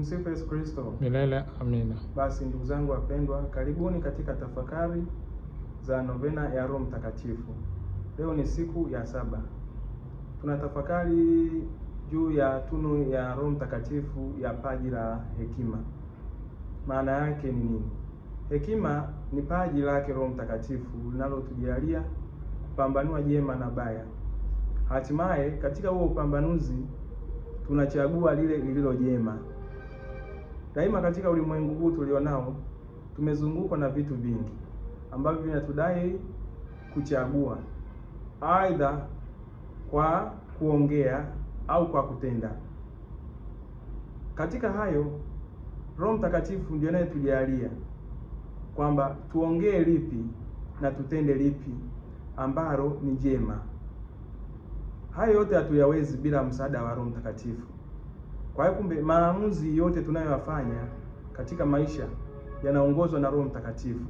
Tumsifu Yesu Kristo. Milele amina. Basi ndugu zangu wapendwa, karibuni katika tafakari za novena ya Roho Mtakatifu. Leo ni siku ya saba. tuna tafakari juu ya tunu ya Roho Mtakatifu ya paji la hekima. Maana yake ni nini? Hekima ni paji lake Roho Mtakatifu linalotujalia kupambanua jema na baya. Hatimaye katika huo upambanuzi tunachagua lile lililo jema. Daima katika ulimwengu huu tulionao, tumezungukwa na vitu vingi ambavyo vinatudai kuchagua, aidha kwa kuongea au kwa kutenda. Katika hayo, Roho Mtakatifu ndiye anayetujalia kwamba tuongee lipi na tutende lipi ambalo ni jema. Hayo yote hatuyawezi bila msaada wa Roho Mtakatifu. Kwa hiyo kumbe, maamuzi yote tunayoyafanya katika maisha yanaongozwa na Roho Mtakatifu.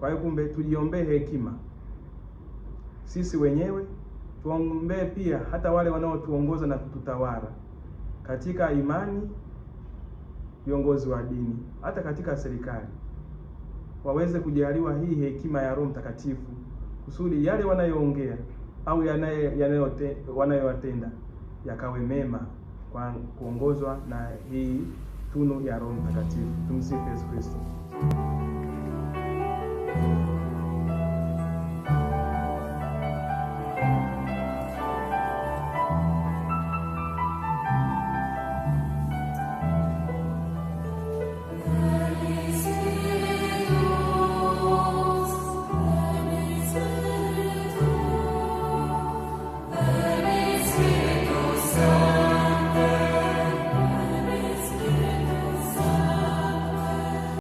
Kwa hiyo kumbe, tujiombee hekima sisi wenyewe, tuombee pia hata wale wanaotuongoza na kututawala katika imani, viongozi wa dini, hata katika serikali, waweze kujaliwa hii hekima ya Roho Mtakatifu kusudi yale wanayoongea au wanayowatenda yakawe mema kwa kuongozwa na hii tunu ya Roho Mtakatifu. Tumsifu Yesu Kristo.